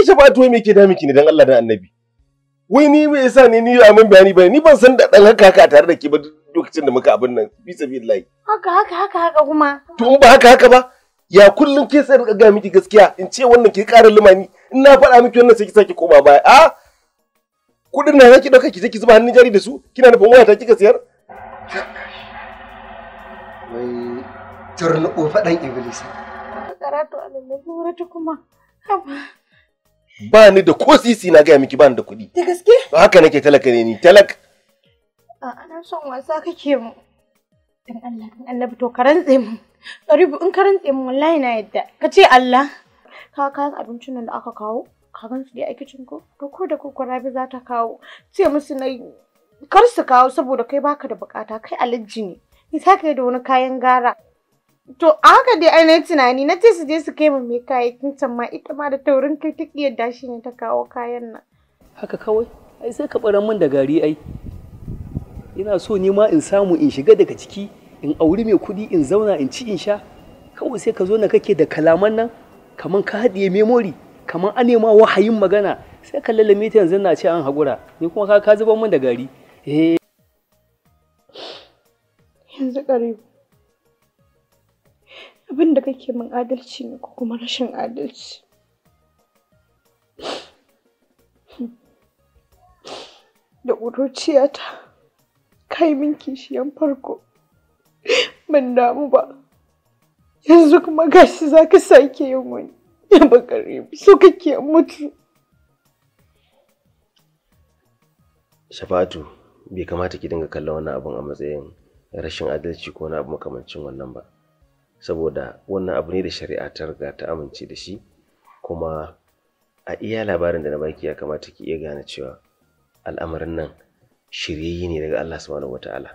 ke shafa'atu wai me ke damiki ne dan Allah dan annabi wai ni me yasa ne ni a mun bayani bane ni ban san da dan haka haka tare da ke ba lokacin da muka abin nan bi sabilillahi haka haka haka haka kuma to in ba haka haka ba ya kullum ke sai ga miki gaskiya in ce wannan ke karin limani in na faɗa miki wannan sai ki saki koma baya a kudin na zaki dauka ki je ki zuba hannun jari da su kina nufin ta kika siyar wai turnu faɗan iblis karatu a lallabi kuma ba ni da ko sisi na gaya miki ba ni da kuɗi. Da gaske? Ba haka nake talaka ne ni talak. A ana son wasa kake mu. Dan Allah dan Allah to ka rantse mu. Karibu in ka rantse mu wallahi na yadda. Ka ce Allah. Ka kayan abincin nan da aka kawo? Ka gan su dai a kicin ko? To ko da koko Rabi za ta kawo. Ce musu na kar su kawo saboda kai baka da bukata kai alijji ne. Ni sa kai da wani kayan gara. To a haka dai ai na tunani na ce su je su kai mai kayayyakin can ma ita ma da taurin kai ta iya dashi ne ta kawo kayan nan. Haka kawai ai sai ka ɓaran min da gari ai. Ina so ni ma in samu in shiga daga ciki in auri mai kuɗi in zauna in ci in sha kawai sai ka zo na kake da kalaman nan kaman ka haɗiye memori kaman a nema wahayin magana sai ka lalame ta yanzu na ce an haƙura ni kuma ka zuba min da gari. Eh. Yanzu ƙarfi. abin da kake min adalci ne ko kuma rashin adalci da ƙuruciyata kai min kishiyan farko ban damu ba yanzu kuma gashi za ka sake yin wani ya bakare so kake mutu shafatu bai kamata ki dinga kallon wannan abin a matsayin rashin adalci ko wani abu makamancin wannan ba saboda wannan abu ne da shari'a ta riga ta amince da shi kuma a iya labarin da na baki ya kamata ki iya gane cewa al'amarin nan shiryayye ne daga Allah subhanahu wata'ala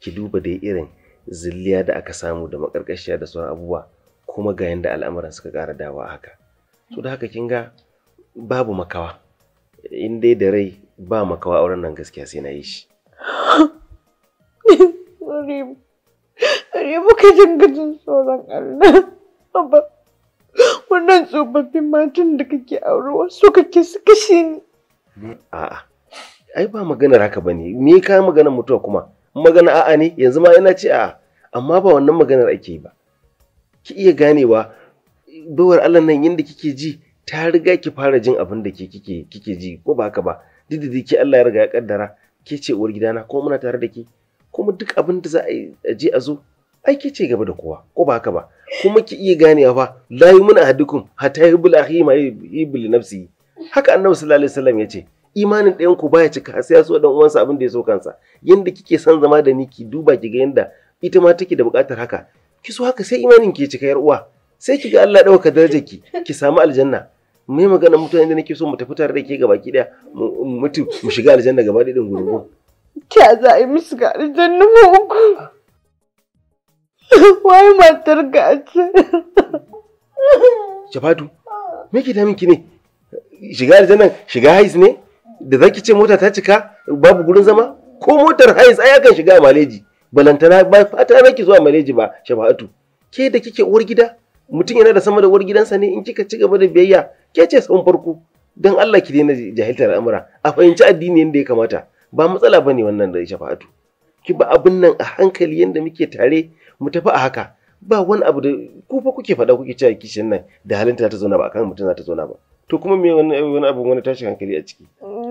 ki duba dai irin zilliya da aka samu da makarkashiya da sauran abubuwa kuma ga yanda al'amuran suka ƙara dawa haka to da haka kin ga babu makawa in dai da rai ba makawa auren nan gaskiya sai na yi shi Sai muka dinga jin tsoron Allah. Baba, wannan tsofaffin matan da kake aurewa su kake su kashe ni. A'a, ai ba maganar haka ba ne, me ka maganar mutuwa kuma? Magana a'a ne, yanzu ma yana ce a'a, amma ba wannan maganar ake yi ba. Ki iya ganewa, bawar Allah nan yadda kike ji, ta riga ki fara jin abin da kike ji ko ba haka ba. Dididi ki Allah ya riga ya kaddara, ke gidana kuma muna tare da ki. kuma duk abin da za a je a zo aiki ce gaba da kowa ko ba haka ba kuma ki iya ganewa fa la yu'minu ahadukum hatta yubul akhima ma nafsi haka annabi sallallahu alaihi wasallam yace imanin ɗayan ku baya cika sai ya so dan uwansa abin da ya so kansa yanda kike san zama da ni ki duba ki ga yanda ita ma take da buƙatar haka ki so haka sai imanin ki cika yar uwa sai ki ga Allah dauka darajar ki ki samu aljanna mai magana mutane da nake so mu tafi tare da ke gaba ki daya mu mutu mu shiga aljanna gaba da din gurgun ta za a yi mu shiga aljanna mu uku matar ka a me ke damin ki ne shiga aljanna shiga hais ne da ki ce mota ta cika babu gurin zama ko motar hais ai kan shiga a maleji balantana ba fata nake zuwa maleji ba Shafatu ke da kike uwar gida mutum yana da sama da uwar gidansa ne in kika ci gaba da biyayya ke ce sun farko don Allah ki daina jahiltar al'amura a fahimci addini yadda ya kamata ba matsala bane wannan da shafa'atu ki ba abin nan a hankali yanda muke tare mu tafi a haka ba wani abu da ku fa kuke faɗa kuke cewa kishin nan da halinta za ta zauna ba akan mutum za ta zauna ba to kuma me wani wani abu wani tashin hankali a ciki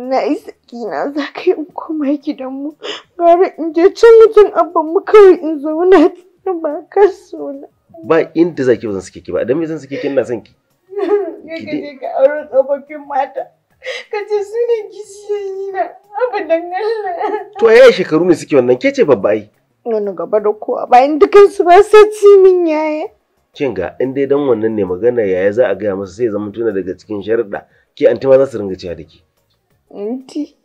na isa kina za ka yi koma gidanmu gara in je can wajen abban mu kawai in zauna ba ka so ba inda zaki ba zan sake ki ba idan me zan suke, ki ina son ki ka je ka aure tsofaffin mata ka ce su ne gishiyoyi na abadan Allah. To yaya shekaru ne suke wannan ke ce babba ai. Wani gaba da kowa bayan dukansu ba sa ci min yaya. Kin ga in dai dan wannan ne magana yaya za a gaya masa sai zama tuna daga cikin sharuɗa ke anti ma za su ringa cewa da ke. Anti.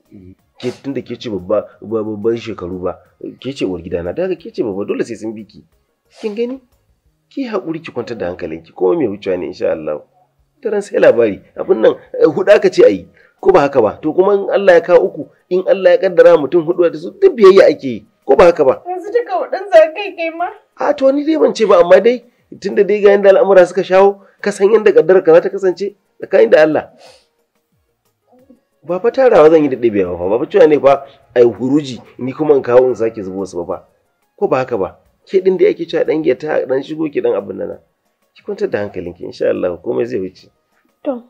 Ke tunda da ke ce babba babban shekaru ba ke ce uwar na daga ke ce babba dole sai sun biki. Kin gani? Ki haƙuri ki kwantar da hankalinki kuma mai wucewa ne insha Allah. daren sai labari abin nan eh, hudu aka ce a yi ko ba haka ba to kuma in Allah ya kawo uku in Allah ya kaddara mutum hudu da su duk biyayya ake yi ko ba haka ba yanzu duka wadan za kai kai ma a to ni dai ban ce ba amma dai tunda dai ga yanda al'amura suka shawo ka san yanda kaddara ka za ta kasance tsakanin da Allah ba fa tarawa zan yi da ɗabiya ba ba cewa ne fa ai huruji ni kuma in kawo in sake zubo su ba ko ba haka ba ke din da ake cewa dan giya ta dan shigo ki dan abin nan ki kwantar da hankalinki insha Allah komai zai wuce to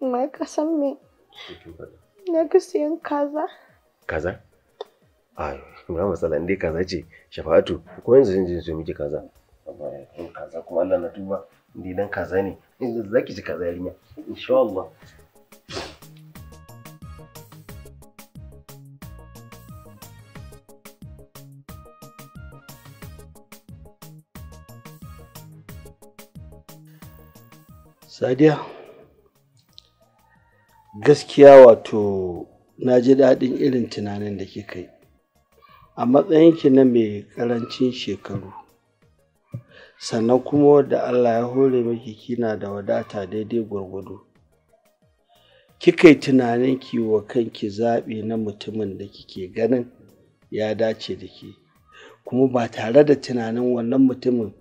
mai ka san me na ga siyan kaza kaza ai ba matsala indai kaza ce shafa'atu ko yanzu zan je so miki kaza amma kaza kuma Allah na tuba indai dan kaza ne zaki ji kaza yarinya insha Allah sadiya gaskiya wato na ji daɗin irin tunanin da kika yi a matsayinki na mai ƙarancin shekaru sannan kuma wadda allah ya hore miki kina da wadata daidai gwargwado kika yi tunanin wa kanki zaɓi na mutumin da kike ganin ya dace da ke kuma ba tare da tunanin wannan mutumin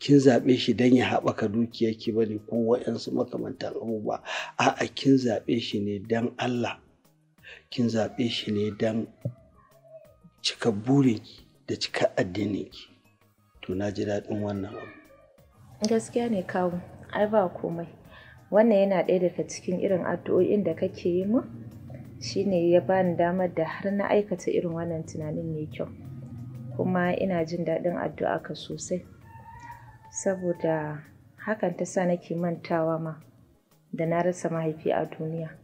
kin zaɓe shi don ya haɓaka dukiyarki ba bane ko waɗansu makamantan abubuwa a'a kin zaɓe shi ne don Allah kin zaɓe shi ne don cika burinki da cika addininki to na ji daɗin wannan abu gaskiya ne kawo ai ba komai wannan yana ɗaya daga cikin irin addu'o'in da kake yi mu shine ya bani damar da har na aikata irin wannan tunanin mai kyau kuma ina jin daɗin addu'a ka sosai saboda hakan ta sa nake mantawa ma da na rasa mahaifi a duniya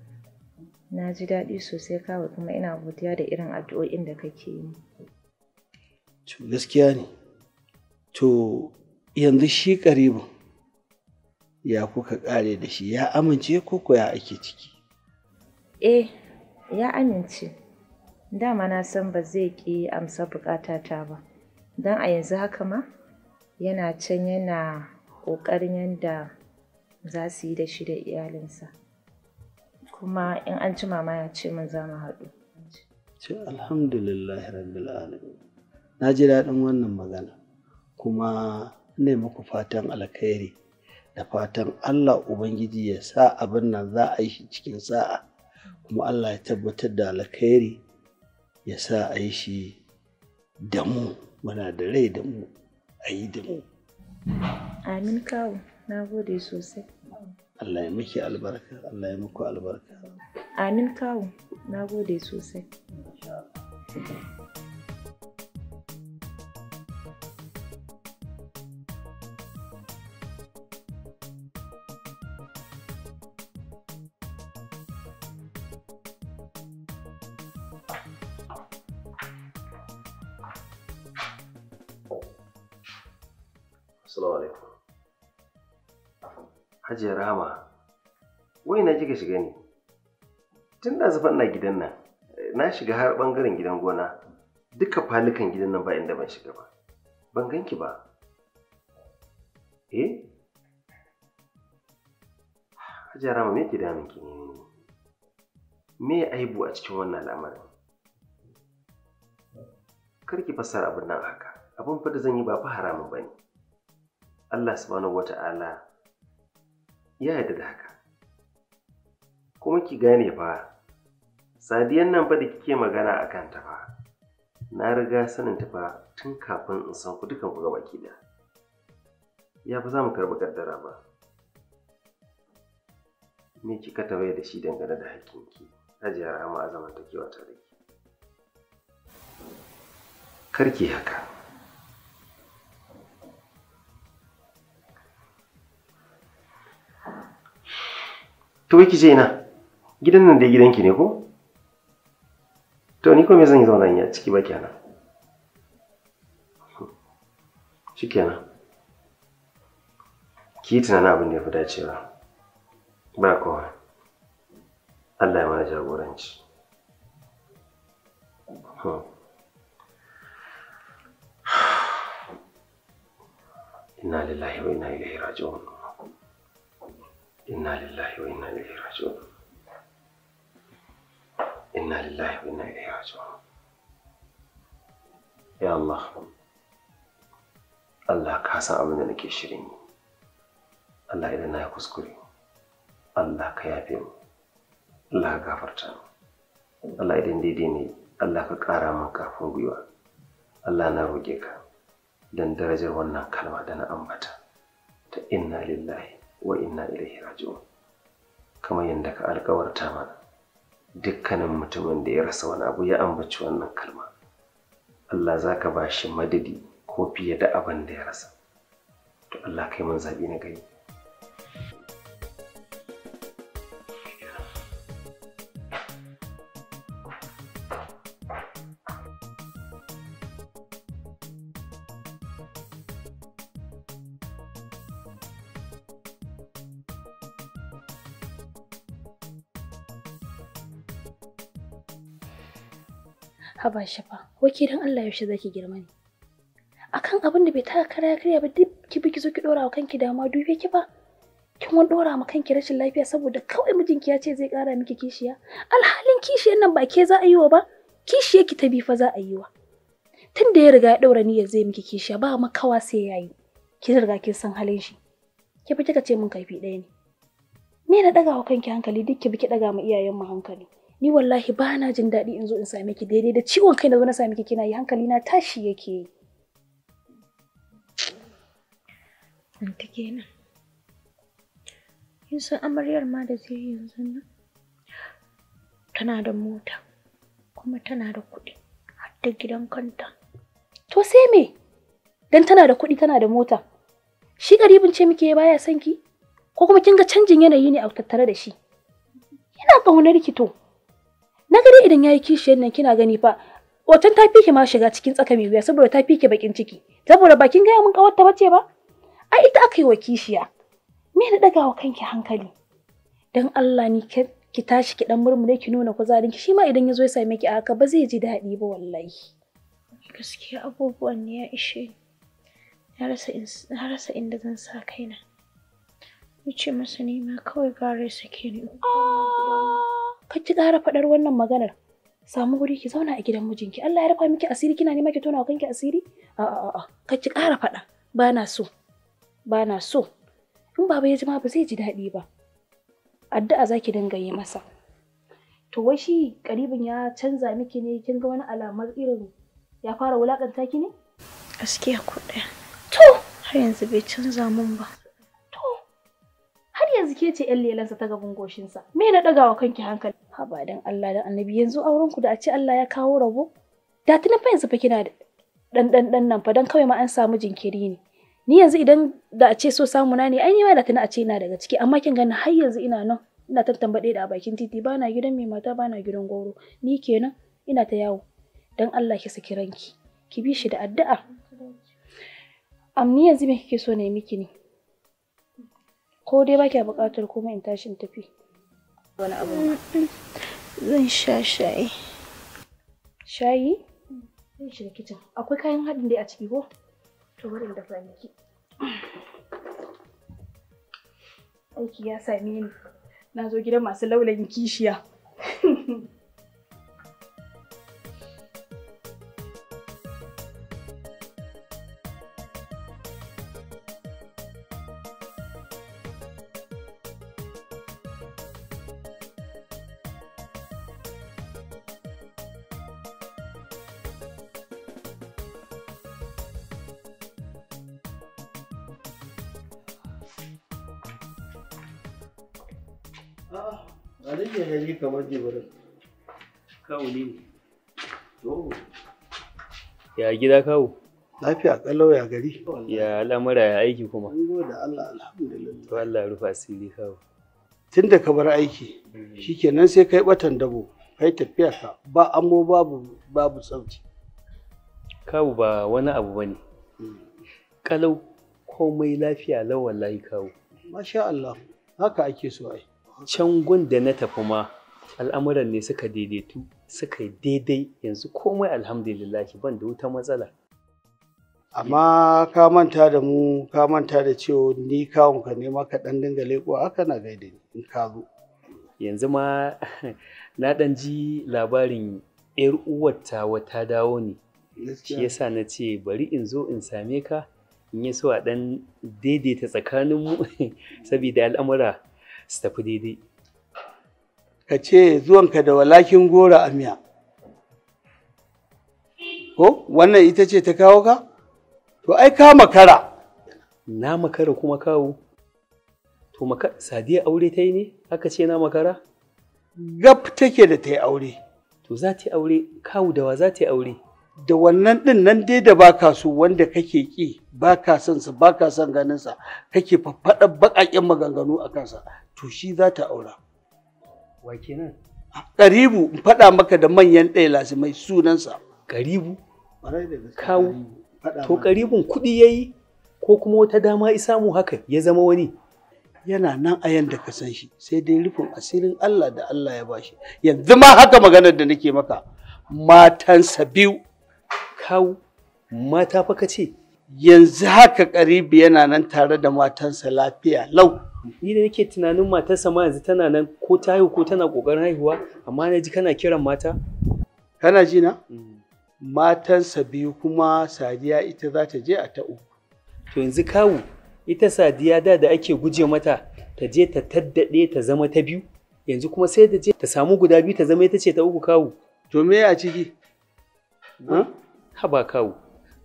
na ji daɗi sosai kawai kuma ina godiya da irin addu'o'in da kake yi to gaskiya ne to yanzu shi karibin ya kuka ƙare da shi ya amince ko ko ya ake ciki eh ya amince dama na san ba zai ƙi amsa buƙatata ba don a yanzu haka ma yana can yana ƙoƙarin yadda za su yi da shi da iyalinsa kuma in an ci mama ya ce min za mu haɗu ce alhamdulillah rabbil alamin na ji daɗin wannan magana kuma ne muku fatan alkhairi da fatan Allah Ubangiji ya sa abin nan za a yi shi cikin sa'a kuma Allah ya tabbatar da alkhairi ya sa a yi shi da mu muna da rai da mu a yi da mu. Amin kawo, na gode sosai. Allah ya miki albarka, Allah ya muku albarka. Amin kawo, na gode sosai. Hajiya Rahama, wai na kika shiga ne? Tun da zufan na gidan nan, na shiga har ɓangaren gidan gona, duka falukan gidan nan ba inda ban shiga ba. Ban ganki ba. Eh? Hajiya Rahama me ke damun ki ne? Me aibu a cikin wannan al'amarin? Kar ki fassara abin nan haka. Abin fa da zan yi ba fa haramun ba ne. Allah subhanahu wa Ta'ala. ya yarda da haka kuma ki gane fa sadiyan nan fa da kike magana a kanta fa na riga sanin ta fa tun kafin in san ku dukan ku gaba ki da ya fi za mu karɓi ƙaddara ba me kika tawaye da shi dangane da hakkinki hajiya rahama a zamantakewa tare ki karki haka To wai ki je ina? Gidan nan dai gidanki ne ko? To ni ko me zan yi zauna a ciki ba kenan. kenan. Ki yi tunanin abin da ya fi dacewa. Ba kowa. Allah ya mana jagoranci. Hmm. Inna lillahi wa inna ilaihi raji'un. inna lillahi wa inna ilaihi raji'un inna lillahi wa inna ilaihi raji'un ya Allah Allah ka san abin da nake shirin yi Allah idan na kuskure Allah ka yafe mu Allah ka gafarta mu Allah idan daidai ne Allah ka ƙara min kafin gwiwa Allah na roƙe ka don darajar wannan kalma da na ambata ta inna lillahi wa inna ilaihi raji'un kamar yadda ka alkawarta mana dukkanin mutumin da ya rasa wani abu ya ambaci wannan kalma Allah za ka ba shi madadi ko fiye da abin da ya rasa to Allah kai mun zaɓi na gari haba shafa wake dan Allah yaushe zaki girma ne akan abin da bai taka kara ya karya ba duk ki biki ki zo ki dora wa kanki dama dube ki ba kin wani dora ma kanki rashin lafiya saboda kawai mijinki ya ce zai kara miki kishiya alhalin kishiyar nan ba ke za a yi wa ba kishiyar ki ta bi fa za a yi wa tun da ya riga ya daura niyyar zai miki kishiya ba makawa sai ya yayi ki riga kin san halin shi ki fi kika ce min kaifi ɗaya ne me na daga wa kanki hankali duk ki biki daga ma iyayen mu hankali ni wallahi ba na jin daɗi in zo in sami ki daidai da ciwon kai da zo na same ki kina yi hankali na tashi yake yi anta kenan san amaryar ma da zai yanzu nan tana da mota kuma tana da kuɗi har da gidan kanta to sai me dan tana da kuɗi tana da mota shi garibin ce muke baya son ki ko kuma kin ga canjin yanayi ne a tattare da shi Ina ƙaunar ki to na gani idan yayi kishiyar nan kina gani fa wacan ta fike ma shiga cikin tsaka mai wuya saboda ta fike bakin ciki saboda bakin gaya mun kawar ta bace ba ai ita aka yi wa kishiya me na daga kanki hankali dan Allah ni ke ki tashi ki dan murmure ki nuna kuzarin ki shima idan yazo ya same ki haka ba zai ji daɗi ba wallahi gaskiya abubuwan ne ya ishe na rasa inda zan sa kaina Wuce masa nema kawai gare sake ni ka ki ƙara faɗar wannan maganar samu wuri ki zauna a gidan mijinki Allah ya rufa miki asiri kina nema ki tona wa kanki asiri a a ka ƙara faɗa ba na so ba na so in baba ya ji ma ba zai ji daɗi ba addu'a zaki dinga yi masa to wai shi karibin ya canza miki ne kin ga wani alamar irin ya fara wulaƙanta ki ne gaskiya ko ɗaya to har yanzu bai canza mun ba ke ce yan lelansa ta gaban goshinsa me na ɗaga wa kanki hankali haba dan Allah da annabi yanzu auren ku da a ce Allah ya kawo rabo da tunan fa yanzu fa kina da dan dan dan nan fa dan kawai ma an samu jinkiri ne ni yanzu idan da a ce so samu na ne ai yi ma da tana a ce ina daga ciki amma kin gani har yanzu ina nan ina tantambaɗe da a bakin titi bana gidan mai mata bana gidan goro ni kenan ina ta yawo dan Allah ki saki ranki ki bi shi da addu'a amni yanzu me kike so ne miki ne ko dai ba kya buƙatar komai in tashi in tafi wani abu zan sha shayi shayi zan shiga kicin akwai kayan haɗin dai a ciki ko to bari in dafa miki aiki ya same ni na zo gidan masu laulayin kishiya Ah, a rage kamar jibirin. ne. Ya gida kawo? Lafiya kalau ya gari. Ya lamura ya aiki kuma. An da Allah alhamdulillah. To Allah rufa sirri kawo. Tun da ka bar aiki, shikenan sai kai batan dabo, kai tafiya ka ba amo babu babu sauti. kawo ba wani abu ba ne. Kalau hmm. komai lafiya lawan layi kawu. Masha Allah, haka ake so ai. can gun da na tafi ma al'amuran ne suka daidaitu suka yi daidai yanzu komai alhamdulillah, ban da wuta matsala amma ka manta da mu ka manta da cewa ni kawun ka nema ka dan dinga leko haka na gaida in ka zo yanzu ma na dan ji labarin yar uwarta wata dawo ne shi yasa na ce bari in zo in same ka in yi so a dan daidaita tsakaninmu saboda al'amura su tafi daidai ka ce zuwanka da walakin gora a miya ko wannan ita ce ta kawo ka to ai ka makara na makara kuma kawo to maka sadiya aure ta yi ne aka ce na makara gab take da ta yi aure to za ta yi aure kawo da wa za ta yi aure da wannan ɗin nan dai da baka so wanda kake ƙi baka son sa baka son ganin sa kake faffaɗa baƙaƙen maganganu a kansa to shi za ta aura wa kenan karibu in faɗa maka da manyan ɗaya lasimai sunansa karibu kawo to karibun kuɗi yayi ko kuma wata dama samu haka ya zama wani yana nan a yanda ka san shi sai dai rufin asirin Allah da Allah ya bashi yanzu ma haka maganar da nake maka matansa biyu kawo mata fa ka ce yanzu haka karibi yana nan tare da matansa lafiya lau ni da nake tunanin matarsa ma yanzu tana nan ko ta haihu ko tana kokarin haihuwa amma na ji kana kiran mata kana ji na mm. matansa biyu kuma sadiya ita za ta je a ta uku to yanzu kawu ita sadiya da da ake guje mata ta je ta taddade ta zama ta biyu yanzu kuma sai ta je ta samu guda biyu ta zama ita ce ta uku kawu to me a ciki haba kawu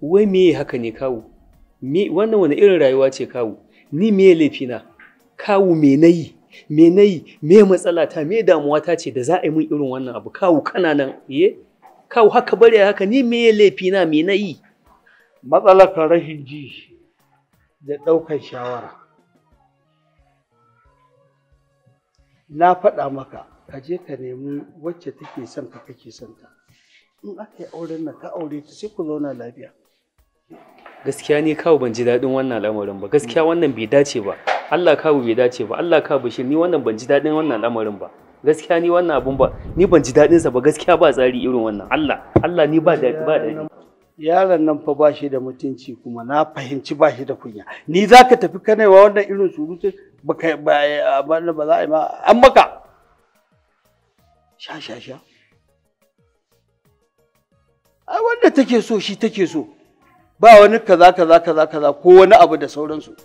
wai me haka ne kawu wannan wani irin rayuwa ce kawu ni me laifina kawu me nayi me nayi me matsala ta me damuwa ta ce da za a yi min irin wannan abu kawu kana nan ye eh? kawu haka bari haka ni me laifina me nayi matsalar rashin ji da ɗaukar shawara na faɗa maka ka je ka nemi wacce take son ka kake son ta in aka yi auren nan ka aure ta sai ku zauna lafiya gaskiya ni kawo ban ji daɗin wannan al'amarin ba gaskiya wannan bai dace ba Allah kawo bai dace ba Allah kawo bashir ni wannan ban ji daɗin wannan al'amarin ba gaskiya ni wannan abun ba ni ban ji daɗin sa ba gaskiya ba tsari irin wannan Allah Allah ni ba daɗi ba daɗi yaron nan fa bashi da mutunci kuma na fahimci bashi da kunya ni zaka tafi kanewa wannan irin surutun ba ba za a yi ma an maka sha sha sha ai wanda take so shi take so ba wani kaza kaza kaza kaza ko wani abu da sauransu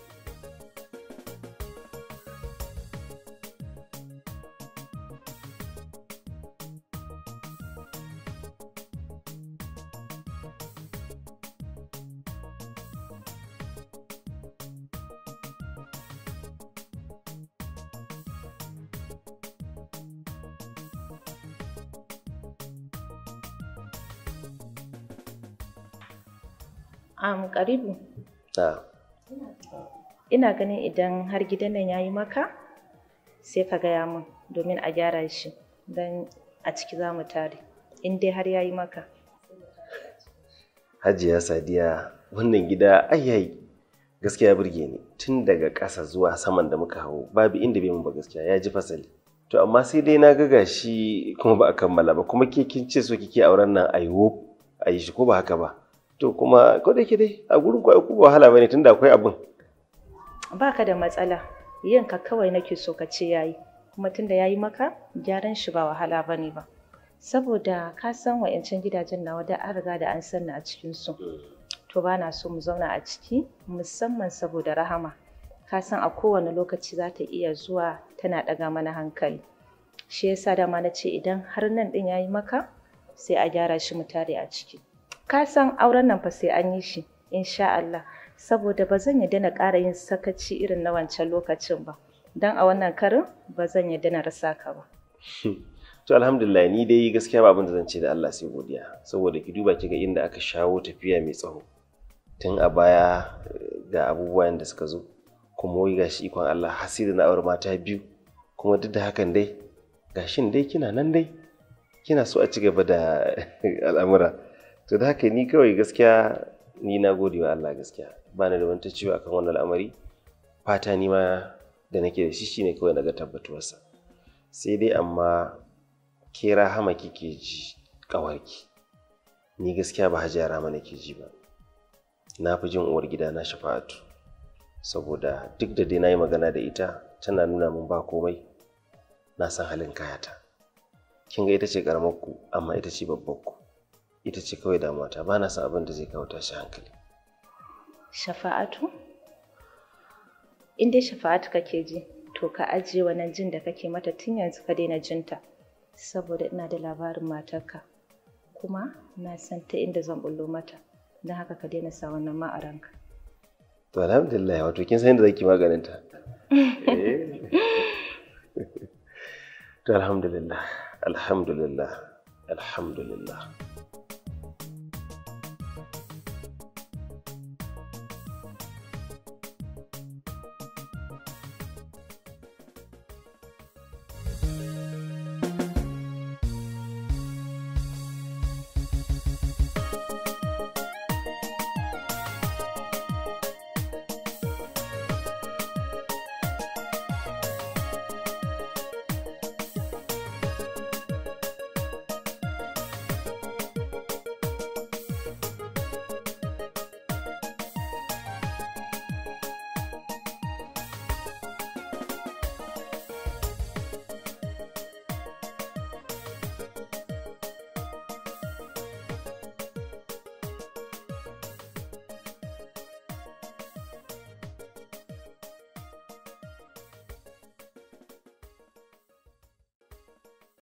karibu ah. ina ganin idan har gidan nan yayi maka sai ka gaya min domin a gyara shi don a ciki za mu tare in dai har yayi maka hajiya sadiya wannan gida ayayi gaskiya burge ni tun daga ƙasa zuwa saman da muka hau babu inda bai mun ba gaskiya ya ji fasali to amma sai dai na ga gashi kuma ba a kammala ba kuma ke kin ce so kike auren nan a ayi shi ko ba haka ba to kuma ko da dai a gurin ku ku wahala bane tunda akwai abin baka da matsala yanka kawai nake so ka ce yayi kuma tunda yayi maka gyaran shi ba wahala bane ba saboda ka san wa'ancan gidajen nawa da an riga da an sanna a cikin su to bana na so mu zauna a ciki musamman saboda rahama ka san a kowane lokaci za ta iya zuwa tana daga mana hankali shi yasa dama na ce idan har nan ɗin yayi maka sai a gyara shi mu tare a ciki ka san auren nan fa sai an yi shi insha Allah saboda ba zan ya na ƙara yin sakaci irin na wancan lokacin ba dan a wannan karin ba zan ya na rasa ka ba to alhamdulillah ni dai gaskiya ba abin da zan ce da Allah sai godiya saboda ki duba ki ga inda aka shawo tafiya mai tsawo tun a baya eh, ga abubuwan da suka zo kuma wai gashi ikon Allah hasiri na aure mata biyu kuma duk da hakan dai gashin dai kina nan dai kina so a ci gaba da al'amura to da haka ni kawai gaskiya ni na gode wa Allah gaskiya ba ni da wani ciwo akan wannan al'amari fata ni ma da nake da shi shine kawai naga tabbatuwarsa sai dai amma ke rahama kike ji kawarki ni gaskiya ba hajiya rama nake ji ba na fi jin uwar gida na shafa'atu saboda duk da dai na yi magana da ita tana nuna min ba komai na san halin kayata kin ga ita ce karamar ku amma ita ce babbar ku ita ce kawai damuwata ba na san abin da zai kawo tashi hankali shafa'atu in dai shafa'atu kake ji to ka ajiye wannan jin da kake mata tun yanzu ka daina jinta saboda ina da labarin matarka kuma na san ta inda zan bullo mata don haka ka daina sa wannan ma a ranka to alhamdulillah wato kin san inda zaki maganin ta eh. to alhamdulillah alhamdulillah alhamdulillah